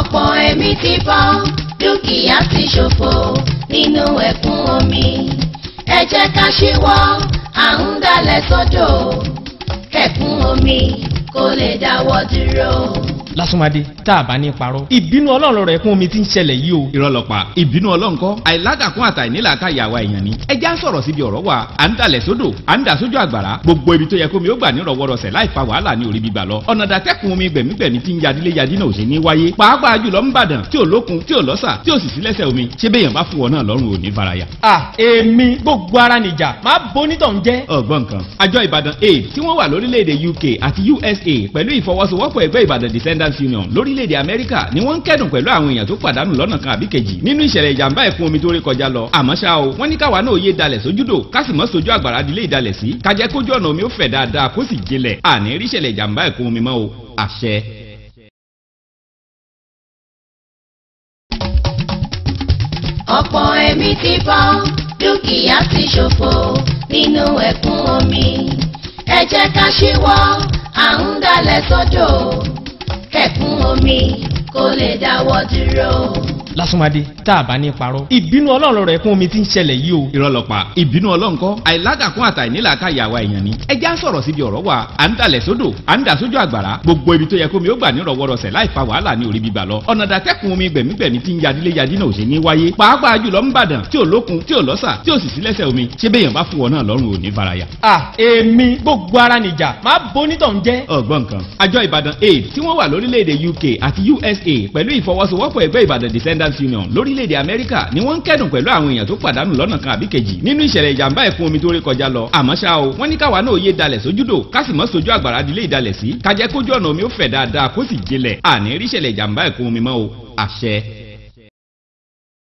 ọ̀pọ̀ ẹ̀mí ti bọ́ dúkìá ti ṣòfò nínú ẹ̀kún omi ẹ jẹ́ ká ṣíwọ́ à ń dalẹ̀ sọ́dọ̀ kẹ̀kún omi kó lè dáwọ́ dúró lásùnmáde tá a bá ní parọ́ ìbínú ọlọ́run rẹ̀ kún omi tí ń ṣẹlẹ̀ yìí o. ìrọlọpàá ìbínú ọlọ́run kọ́ àìládàkún àtàìnílà ká ìyàwó èèyàn ni. ẹ já sọ̀rọ̀ síbi ọ̀rọ̀ wa à ń dalẹ̀ sódò à ń dà sójú àgbàrá gbogbo ibi tó yẹ kómi ó gbà ní rọwọ́rọsẹ̀ láì fa wàhálà ní orí gbígbà lọ. ọ̀nà dàtẹ́kùn omi gbẹ̀mígbẹ̀mí ti ń yadílé yadí náà ò sí ní wáyé. pàápàá jùlọ ń bàdàn tí ò lókun tí ò lọ́sà tí ò sì sí lẹ́sẹ̀ omi ṣé bẹ́ẹ̀ yẹn bá fún wọn náà lọ́rùn ò ní faraya. à defender National Union lórílẹ̀‐èdè Amẹ́ríkà ni wọ́n ń kẹ́dùn pẹ̀lú àwọn èèyàn tó pàdánù lọ́nà kan àbí kejì nínú ìṣẹ̀lẹ̀ ìjàmbá ẹ̀kún omi tó ré kọjá lọ àmọ́ ṣá o wọ́n ní káwa náà yé dalẹ̀ sójúdò ká sì mọ́ sojú àgbàrá dilé ìdalẹ̀ sí ká kójú ọ̀nà omi ó fẹ̀ dáadáa kó sì jinlẹ̀ àní rí ìṣẹ̀lẹ̀ ìjàmbá ẹ̀kún omi mọ́ o àṣẹ ọ̀pọ̀ ẹ̀mí ti bọ́ dúkìá ti ṣòfò nínú ẹ̀kún omi ẹ ká ṣíwọ́ à ń dalẹ̀ sọ́dọ̀ mi kó lè dáwọ́ dúró lásùnmáde tá a bá ní parọ́ ìbínú ọlọ́run rẹ̀ kún omi tí ń ṣẹlẹ̀ yìí o. ìrọlọpàá ìbínú ọlọ́run kọ́ àìládàkún àtàìnílà káyà wa èèyàn ni. ẹ já sọ̀rọ̀ síbi ọ̀rọ̀ wa à ń dalẹ̀ sódò à ń dà sójú àgbàrá gbogbo ibi tó yẹ kómi ó gbà ní rọwọ́rọsẹ̀ láì fa wàhálà ní orí bíbà lọ. ọ̀nà dàtẹ́kùn omi gbẹ̀mígbẹ̀mí ti ń yadílé yadí náà ò ṣe ní wáyé. pàápàá jùlọ ń bàdàn tí ò lókun tí ò lọ́sà tí ò sì sí lẹ́sẹ̀ omi ṣé bẹ́ẹ̀ yàn Island Union lórílẹ̀‐èdè Amẹ́ríkà ni wọ́n ń kẹ́dùn pẹ̀lú àwọn èèyàn tó pàdánù lọ́nà kan àbí kejì nínú ìṣẹ̀lẹ̀ ìjàmbá ẹ̀kún omi tó rékọjá lọ àmọ́ ṣá o wọ́n ní káwa náà yé dalẹ̀ sójúdò ká sì mọ́ sojú àgbàrá dilé ìdalẹ̀ sí kájẹ́ kójú ọ̀nà omi ó fẹ̀ dáadáa kó sì jinlẹ̀ àní rí ìṣẹ̀lẹ̀ ìjàmbá